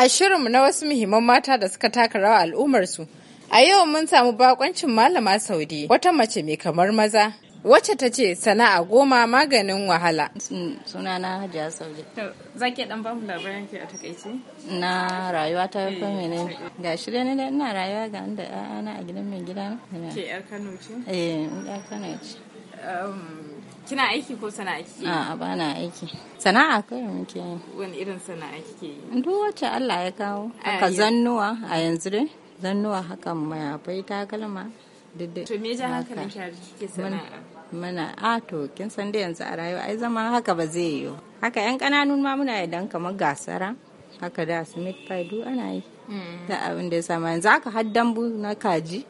A shirinmu na wasu muhimman mata da suka taka rawa al'ummarsu, a yau mun samu bakoncin malama Saudi wata mace mai kamar maza. Wacce ta ce sana'a goma maganin wahala. Sunana Hajiya Saudi. Za ki dan bamu labarin ki a takaice? Na rayuwa ta yi fa eh, ne. ga shi ne ina rayuwa ga inda ana a gidan mai gida na. Ke yar Kano ce? Eh, yar Kano ce. Um, Kina aiki ko sana'a kike? A'a a bana aiki. Sana'a kai muke yi. Wani irin sana'a kike yi? Duk wacce Allah ya kawo. Haka zannuwa a yanzu dai. Zannuwa haka mayafai takalma. Duk To me ja haka nan kike sana'a? mana a to kin san da yanzu a rayuwa ai zama haka ba zai yi haka yan kananun ma muna idan kamar gasara haka da su meat pie duk ana yi mm. da abin da ya sama yanzu haka har dambu na kaji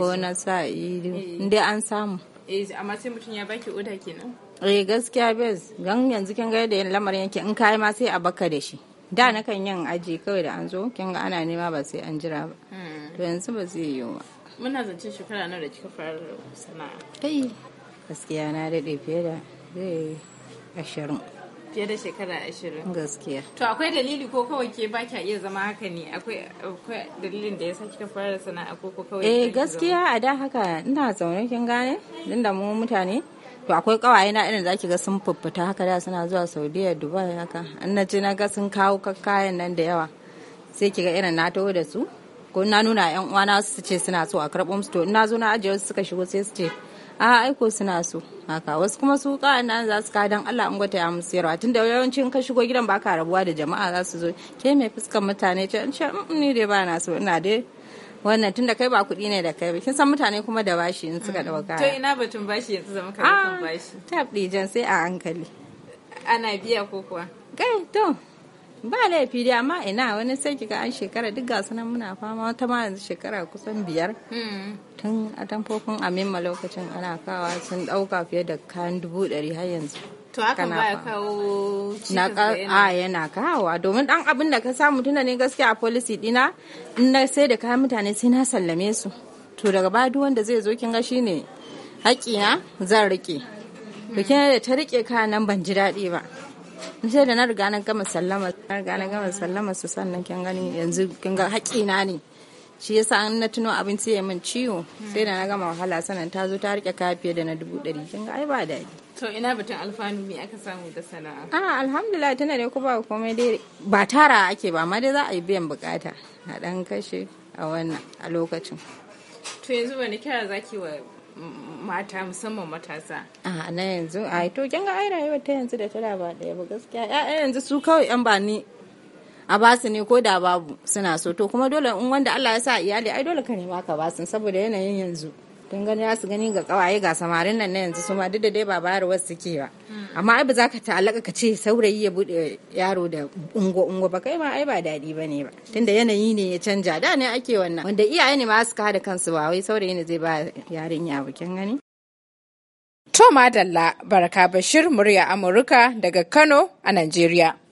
ko na sa'i eh, eh. inda an samu eh amma sai mutum ya baki oda kenan eh gaskiya bez gan yanzu kin ga yadda lamarin yake in kai ma sai a baka da shi da na kan yin aji kawai da an zo kin ga ana nema ba sai an jira ba hmm. to yanzu ba zai yi ba muna zancen shekara nawa da kika fara sana'a kai gaskiya na daɗe fiye da zai eh, ashirin fiye da shekara ashirin gaskiya to akwai dalili ko kawai ke ba ki iya zama haka ne akwai dalilin da ya sa kika fara sana'a ko kawai eh gaskiya a da haka ina zaune kin gane din da mu mutane to akwai kawaye na irin zaki ga sun fuffuta haka da suna zuwa Saudiya Dubai haka an na ce na ga sun kawo kayan nan da yawa sai kiga irin na taho da su ko na nuna yan uwana su ce suna so a karɓo musu to ina zo na ajiye su suka shigo sai su ce a aiko suna so haka wasu kuma su ka nan za su kadan Allah an gwata ya musu yarwa tunda yawancin ka shigo gidan baka rabuwa da jama'a za su zo ke mai fuskan mutane ce mm, ni dai ba na so ina dai wannan tun da kai ba kuɗi ne da kai ba kin san mutane kuma da bashi in suka ɗauka mm. to ina batun bashi yanzu zama ah, kan bashi tab jan sai a hankali ana biya ko kuwa kai to ba laifi dai amma ina wani sai kika an shekara duk ga sunan muna fama wata ma yanzu shekara kusan biyar hmm. tun a tamfofin amimma lokacin ana kawa sun dauka fiye da kayan dubu dari har yanzu to haka ba kawo na a yana kawo domin dan abin da ka samu tuna ne gaskiya a policy dina in na sai da kayan mutane sai na sallame su to daga baya duk wanda zai zo kin ga shine haƙina zan rike to da ta rike kayan nan ban ji daɗi ba sai da na riga na gama sallama na riga na gama sallama su sannan kin gani yanzu kin ga na ne shi yasa an na tuno abinci ya min ciwo sai da na gama wahala sanan ta zo ta rike kafiye da na dubu ɗari kin ga ai ba daɗi to ina batun alfanu me aka samu da sana'a a alhamdulillah tana da kuma komai dai ba tara ake ba amma dai za a yi biyan bukata na dan kashe a wannan a lokacin to yanzu wani kira zaki wa mata musamman matasa a na yanzu a to kin ga ai rayuwar ta yanzu da tura ba daya ba gaskiya ƴaƴan yanzu su kawai yan ba ni a basu ne ko da babu suna so to kuma dole in wanda Allah ya sa iyali ai dole ka nema ka basu saboda yanayin yanzu kin gani za su gani ga kawaye ga samarin nan na yanzu su ma duk da dai ba bayarwar suke ba amma ai ba za ka ta'allaka ka ce saurayi ya bude yaro da ungo ungo ba kai ma ai ba daɗi ba ne ba tunda yanayi ne ya canja da ne ake wannan wanda iyaye ne ma suka hada kansu ba wai saurayi ne zai ba yarinya ba kin gani To Madalla baraka Bashir murya Amurka daga Kano a Najeriya.